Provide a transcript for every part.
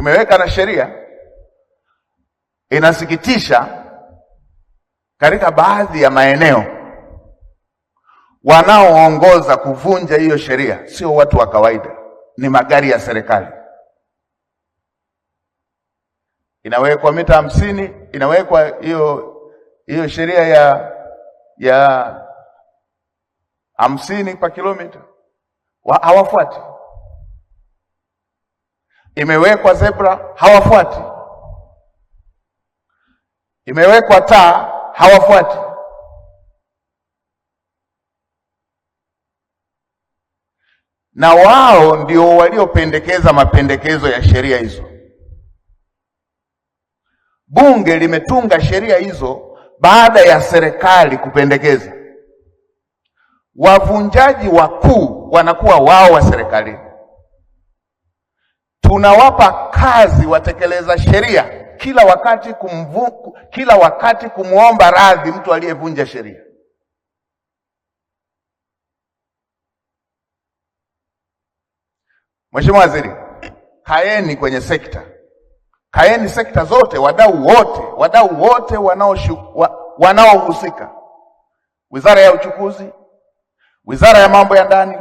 tumeweka na sheria. Inasikitisha, katika baadhi ya maeneo wanaoongoza kuvunja hiyo sheria sio watu wa kawaida, ni magari ya serikali. Inawekwa mita hamsini, inawekwa hiyo hiyo sheria ya ya hamsini kwa kilomita, hawafuati Imewekwa zebra hawafuati, imewekwa taa hawafuati. Na wao ndio waliopendekeza mapendekezo ya sheria hizo. Bunge limetunga sheria hizo baada ya serikali kupendekeza. Wavunjaji wakuu wanakuwa wao wa serikalini tunawapa kazi watekeleza sheria kila wakati kumvuku, kila wakati kumwomba radhi mtu aliyevunja sheria. Mheshimiwa Waziri, kaeni kwenye sekta, kaeni sekta zote, wadau wote, wadau wote wanaohusika, wizara ya uchukuzi, wizara ya mambo ya ndani,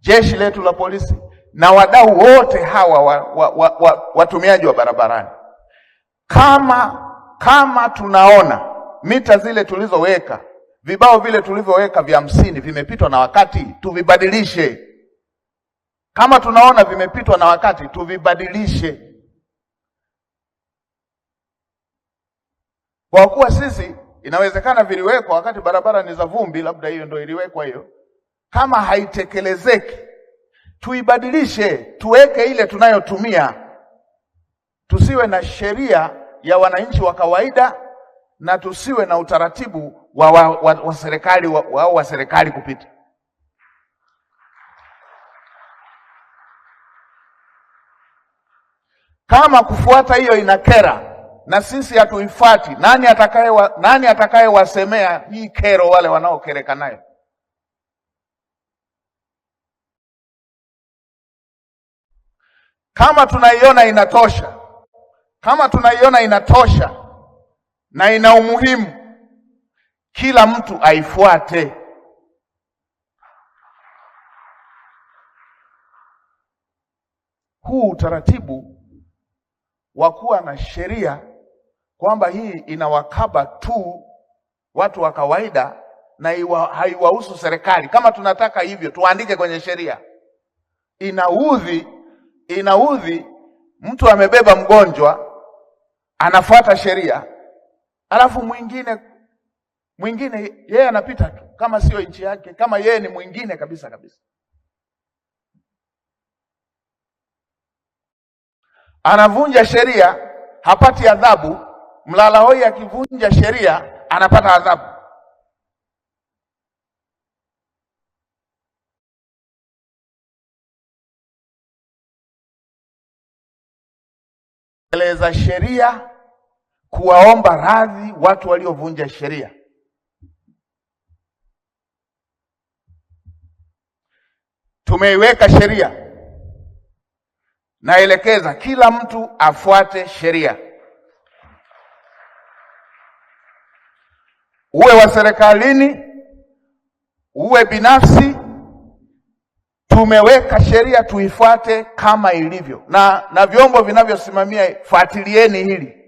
jeshi letu la polisi na wadau wote hawa wa, wa, wa, wa, watumiaji wa barabarani. Kama kama tunaona mita zile tulizoweka, vibao vile tulivyoweka vya hamsini vimepitwa na wakati, tuvibadilishe. Kama tunaona vimepitwa na wakati, tuvibadilishe, kwa kuwa sisi inawezekana viliwekwa wakati barabara ni za vumbi, labda hiyo ndio iliwekwa hiyo. Kama haitekelezeki tuibadilishe, tuweke ile tunayotumia, tusiwe na sheria ya wananchi wa kawaida na tusiwe na utaratibu wa, wa, wa, wa serikali wa, wa, wa serikali kupita. Kama kufuata hiyo inakera na sisi hatuifuati, nani atakaye nani atakayewasemea hii kero wale wanaokereka nayo? Kama tunaiona inatosha, kama tunaiona inatosha na ina umuhimu, kila mtu aifuate. Huu utaratibu wa kuwa na sheria kwamba hii inawakaba tu watu wa kawaida na haiwahusu serikali, kama tunataka hivyo tuandike kwenye sheria, inaudhi inaudhi mtu amebeba mgonjwa anafuata sheria, alafu mwingine mwingine yeye anapita tu kama sio nchi yake, kama yeye ni mwingine kabisa kabisa. Anavunja sheria hapati adhabu, mlala hoi akivunja sheria anapata adhabu. kutekeleza sheria, kuwaomba radhi watu waliovunja sheria. Tumeiweka sheria, naelekeza kila mtu afuate sheria, uwe wa serikalini, uwe binafsi tumeweka sheria tuifuate kama ilivyo, na na vyombo vinavyosimamia, fuatilieni hili.